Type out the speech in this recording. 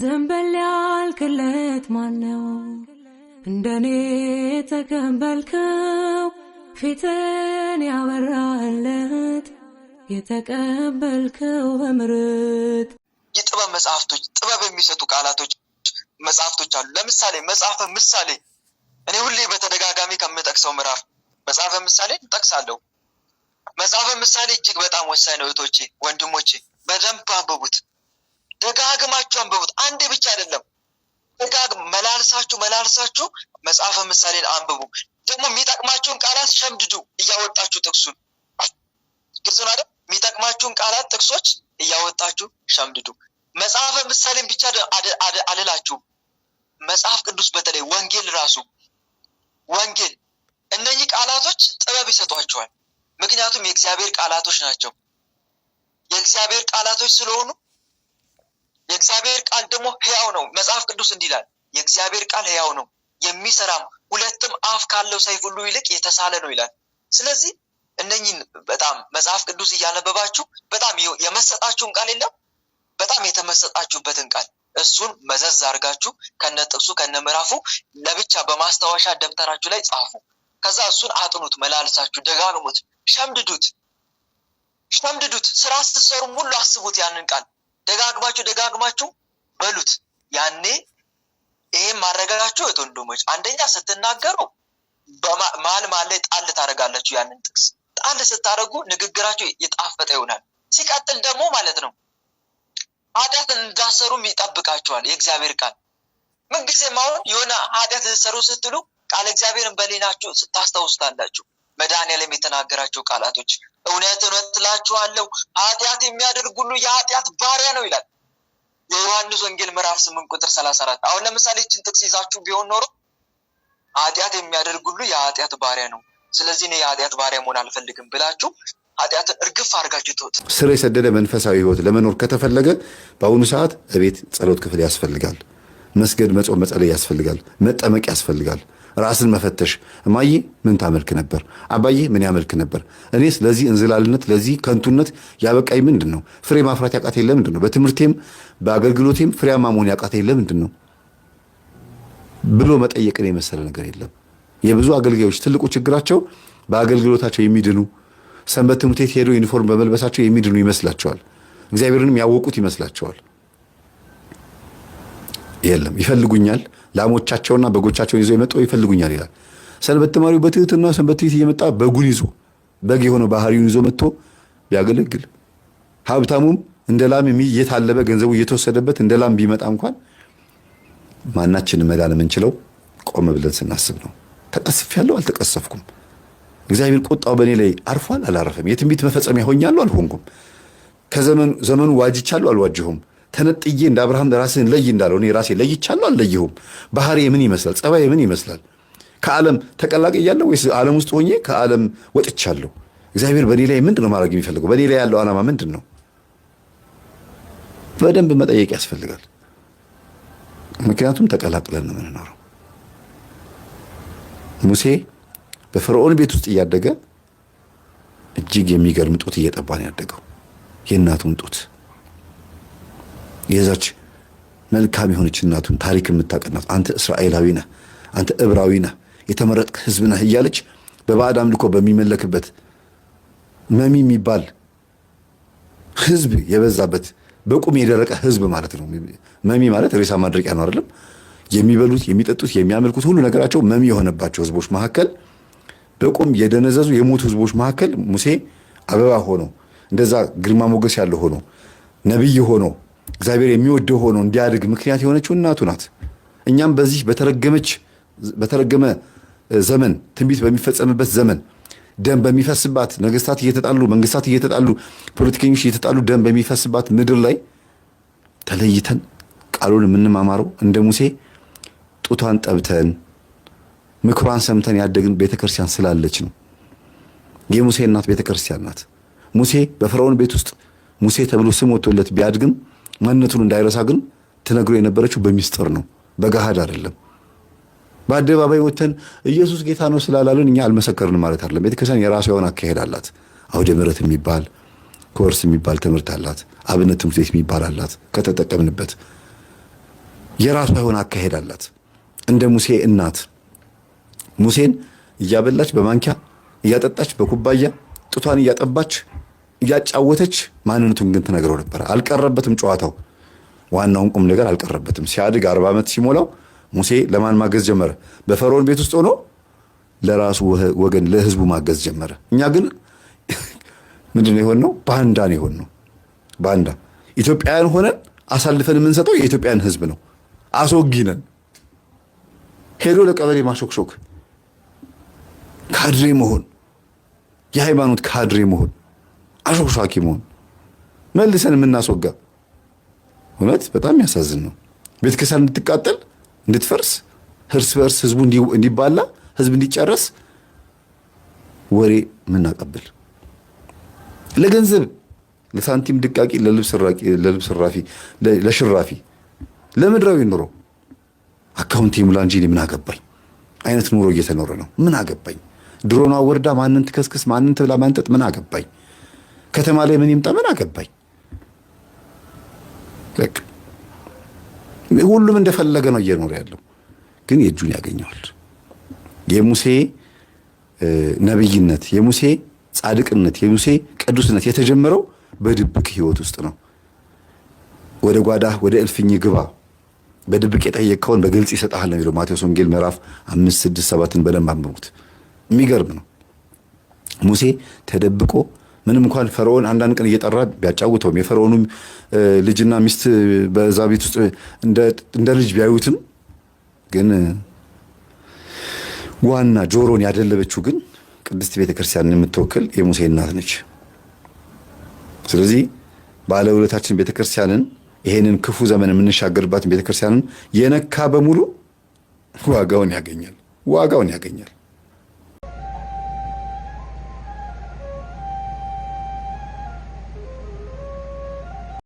ዘንበል ያልክለት ማነው? እንደኔ የተቀበልከው ፊትን ያበራለት የተቀበልከው በምርት የጥበብ መጽሐፍቶች ጥበብ የሚሰጡ ቃላቶች መጽሐፍቶች አሉ። ለምሳሌ መጽሐፈ ምሳሌ እኔ ሁሌ በተደጋጋሚ ከምጠቅሰው ምዕራፍ መጽሐፈ ምሳሌ እንጠቅሳለሁ? መጽሐፈ ምሳሌ እጅግ በጣም ወሳኝ ነው። እህቶቼ፣ ወንድሞቼ በደንብ አንብቡት። ደጋግማችሁ አንብቡት። አንዴ ብቻ አይደለም፣ ደጋግም መላልሳችሁ መላልሳችሁ መጽሐፈ ምሳሌን አንብቡ። ደግሞ የሚጠቅማችሁን ቃላት ሸምድዱ እያወጣችሁ ጥቅሱን ግልጽ ነው አይደል? የሚጠቅማችሁን ቃላት ጥቅሶች እያወጣችሁ ሸምድዱ። መጽሐፈ ምሳሌን ብቻ አልላችሁም። መጽሐፍ ቅዱስ በተለይ ወንጌል ራሱ ወንጌል እነኚህ ቃላቶች ጥበብ ይሰጧቸዋል። ምክንያቱም የእግዚአብሔር ቃላቶች ናቸው። የእግዚአብሔር ቃላቶች ስለሆኑ የእግዚአብሔር ቃል ደግሞ ህያው ነው። መጽሐፍ ቅዱስ እንዲህ ይላል፣ የእግዚአብሔር ቃል ህያው ነው የሚሰራም ሁለትም አፍ ካለው ሰይፍ ሁሉ ይልቅ የተሳለ ነው ይላል። ስለዚህ እነኝን በጣም መጽሐፍ ቅዱስ እያነበባችሁ በጣም የመሰጣችሁን ቃል የለም በጣም የተመሰጣችሁበትን ቃል እሱን መዘዝ አድርጋችሁ ከነ ጥቅሱ ከነ ምዕራፉ ለብቻ በማስታወሻ ደብተራችሁ ላይ ጻፉ። ከዛ እሱን አጥኑት፣ መላልሳችሁ ደጋግሙት፣ ሸምድዱት ሸምድዱት። ስራ ስትሰሩም ሁሉ አስቡት ያንን ቃል ደጋግማችሁ ደጋግማችሁ በሉት። ያኔ ይህም ማድረጋችሁ እህት ወንድሞች፣ አንደኛ ስትናገሩ መሀል መሀል ላይ ጣል ታደርጋላችሁ። ያንን ጥቅስ ጣል ስታደርጉ ንግግራችሁ የጣፈጠ ይሆናል። ሲቀጥል ደግሞ ማለት ነው ኃጢአት እንዳሰሩም ይጠብቃችኋል የእግዚአብሔር ቃል ምንጊዜም አሁን የሆነ ኃጢአት ልትሰሩ ስትሉ ቃል እግዚአብሔርን በሌናችሁ ታስታውሱታላችሁ። በዳንኤልም የተናገራቸው ቃላቶች እውነት እውነት እላችኋለሁ ኃጢአት የሚያደርግ ሁሉ የኃጢአት ባሪያ ነው ይላል የዮሐንስ ወንጌል ምዕራፍ ስምንት ቁጥር ሰላሳ አራት አሁን ለምሳሌ ይችን ጥቅስ ይዛችሁ ቢሆን ኖሮ ኃጢአት የሚያደርግ ሁሉ የኃጢአት ባሪያ ነው ስለዚህ እኔ የኃጢአት ባሪያ መሆን አልፈልግም ብላችሁ ኃጢአትን እርግፍ አድርጋችሁ ትወት ስር የሰደደ መንፈሳዊ ህይወት ለመኖር ከተፈለገ በአሁኑ ሰዓት እቤት ጸሎት ክፍል ያስፈልጋል መስገድ መጾም መጸለይ ያስፈልጋል መጠመቅ ያስፈልጋል ራስን መፈተሽ። እማዬ ምን ታመልክ ነበር? አባዬ ምን ያመልክ ነበር? እኔስ ለዚህ እንዝላልነት፣ ለዚህ ከንቱነት ያበቃኝ ምንድን ነው? ፍሬ ማፍራት ያቃቴ ለምንድን ነው? በትምህርቴም በአገልግሎቴም ፍሬያማ መሆን ያቃቴ ለምንድን ነው ብሎ መጠየቅን የመሰለ ነገር የለም። የብዙ አገልጋዮች ትልቁ ችግራቸው በአገልግሎታቸው የሚድኑ ሰንበት ትምህርት ቤት ሄደው ዩኒፎርም በመልበሳቸው የሚድኑ ይመስላቸዋል። እግዚአብሔርንም ያወቁት ይመስላቸዋል። የለም ይፈልጉኛል፣ ላሞቻቸውና በጎቻቸውን ይዘው የመጣው ይፈልጉኛል ይላል። ሰንበት ተማሪው በትህትና ሰንበት ትት እየመጣ በጉን ይዞ በግ የሆነ ባህሪውን ይዞ መጥቶ ቢያገለግል፣ ሀብታሙም እንደ ላም እየታለበ ገንዘቡ እየተወሰደበት እንደ ላም ቢመጣ እንኳን ማናችን መዳን የምንችለው ቆም ብለን ስናስብ ነው። ተቀስፍ ያለው አልተቀሰፍኩም፣ እግዚአብሔር ቁጣው በእኔ ላይ አርፏል፣ አላረፈም፣ የትንቢት መፈጸሚያ ሆኛለሁ፣ አልሆንኩም፣ ከዘመኑ ዋጅቻለሁ፣ አልዋጅሁም ተነጥዬ እንደ አብርሃም ራስህን ለይ እንዳለው እኔ ራሴ ለይቻለሁ አልለይሁም። ባህሪ ምን ይመስላል? ጸባይ ምን ይመስላል? ከዓለም ተቀላቅያለሁ ወይስ ዓለም ውስጥ ሆኜ ከዓለም ወጥቻለሁ? እግዚአብሔር በእኔ ላይ ምንድን ነው ማድረግ የሚፈልገው? በእኔ ላይ ያለው ዓላማ ምንድን ነው? በደንብ መጠየቅ ያስፈልጋል። ምክንያቱም ተቀላቅለን ነው የምንኖረው። ሙሴ በፈርዖን ቤት ውስጥ እያደገ እጅግ የሚገርም ጡት እየጠባ ያደገው፣ የእናቱን ጡት የዛች መልካም የሆነች እናቱን ታሪክ የምታቀናት አንተ እስራኤላዊ ነህ፣ አንተ እብራዊ ነህ፣ የተመረጥክ ህዝብ ነህ እያለች በባዕድ አምልኮ በሚመለክበት መሚ የሚባል ህዝብ የበዛበት በቁም የደረቀ ህዝብ ማለት ነው። መሚ ማለት ሬሳ ማድረቂያ ነው አይደለም? የሚበሉት የሚጠጡት፣ የሚያመልኩት ሁሉ ነገራቸው መሚ የሆነባቸው ህዝቦች መካከል በቁም የደነዘዙ የሞቱ ህዝቦች መካከል ሙሴ አበባ ሆኖ እንደዛ ግርማ ሞገስ ያለው ሆኖ ነቢይ ሆኖ እግዚአብሔር የሚወደው ሆኖ እንዲያድግ ምክንያት የሆነችው እናቱ ናት። እኛም በዚህ በተረገመች በተረገመ ዘመን ትንቢት በሚፈጸምበት ዘመን ደም በሚፈስባት ነገስታት እየተጣሉ መንግስታት እየተጣሉ ፖለቲከኞች እየተጣሉ ደም በሚፈስባት ምድር ላይ ተለይተን ቃሉን የምንማማረው እንደ ሙሴ ጡቷን ጠብተን ምክሯን ሰምተን ያደግን ቤተክርስቲያን ስላለች ነው። የሙሴ እናት ቤተክርስቲያን ናት። ሙሴ በፈርዖን ቤት ውስጥ ሙሴ ተብሎ ስም ወጥቶለት ቢያድግም ማንነቱን እንዳይረሳ ግን ትነግሮ የነበረችው በሚስጥር ነው፣ በገሃድ አይደለም። በአደባባይ ወተን ኢየሱስ ጌታ ነው ስላላልን እኛ አልመሰከርንም ማለት አይደለም። ቤተክርስቲያን የራሷ የሆነ አካሄድ አላት። አውደ ምሕረት የሚባል ኮርስ የሚባል ትምህርት አላት። አብነት ትምህርት ቤት የሚባል አላት። ከተጠቀምንበት የራሷ የሆነ አካሄድ አላት። እንደ ሙሴ እናት ሙሴን እያበላች በማንኪያ እያጠጣች በኩባያ ጡቷን እያጠባች እያጫወተች ማንነቱን ግን ትነግረው ነበር። አልቀረበትም ጨዋታው፣ ዋናውን ቁም ነገር አልቀረበትም። ሲያድግ አርባ ዓመት ሲሞላው ሙሴ ለማን ማገዝ ጀመረ? በፈርዖን ቤት ውስጥ ሆኖ ለራሱ ወገን ለህዝቡ ማገዝ ጀመረ። እኛ ግን ምንድን ነው የሆንነው? ባንዳ ነው የሆንነው። ባንዳ ኢትዮጵያውያን ሆነን አሳልፈን የምንሰጠው የኢትዮጵያን ህዝብ ነው። አስወጊነን ሄዶ ለቀበሌ ማሾክሾክ፣ ካድሬ መሆን፣ የሃይማኖት ካድሬ መሆን አሾክሿኪ መሆን መልሰን የምናስወጋ እውነት በጣም ያሳዝን ነው። ቤተክርስቲያን እንድትቃጠል እንድትፈርስ፣ እርስ በእርስ ህዝቡ እንዲባላ፣ ህዝብ እንዲጨረስ ወሬ የምናቀብል ለገንዘብ ለሳንቲም ድቃቂ፣ ለልብስ ራፊ፣ ለሽራፊ፣ ለምድራዊ ኑሮ አካውንት ሙላ እንጂ ምን አገባኝ አይነት ኑሮ እየተኖረ ነው። ምን አገባኝ ድሮኗ ወርዳ ማንን ትከስክስ፣ ማንን ትብላ፣ ማንጠጥ ምን አገባኝ። ከተማ ላይ ምን ይምጣ ምን አገባኝ። ሁሉም እንደፈለገ ነው እየኖረ ያለው፣ ግን የእጁን ያገኘዋል። የሙሴ ነብይነት፣ የሙሴ ጻድቅነት፣ የሙሴ ቅዱስነት የተጀመረው በድብቅ ህይወት ውስጥ ነው። ወደ ጓዳህ ወደ እልፍኝ ግባ በድብቅ የጠየቅከውን በግልጽ ይሰጣል ነው የሚለው ማቴዎስ ወንጌል ምዕራፍ አምስት ስድስት ሰባትን በደንብ አንብቡት። የሚገርም ነው። ሙሴ ተደብቆ ምንም እንኳን ፈርዖን አንዳንድ ቀን እየጠራ ቢያጫውተውም የፈርዖኑ ልጅና ሚስት በዛ ቤት ውስጥ እንደ ልጅ ቢያዩትም ግን ዋና ጆሮን ያደለበችው ግን ቅድስት ቤተ ክርስቲያንን የምትወክል የሙሴ እናት ነች። ስለዚህ ባለውለታችን ቤተ ክርስቲያንን ይሄንን ክፉ ዘመን የምንሻገርባትን ቤተ ክርስቲያንን የነካ በሙሉ ዋጋውን ያገኛል፣ ዋጋውን ያገኛል።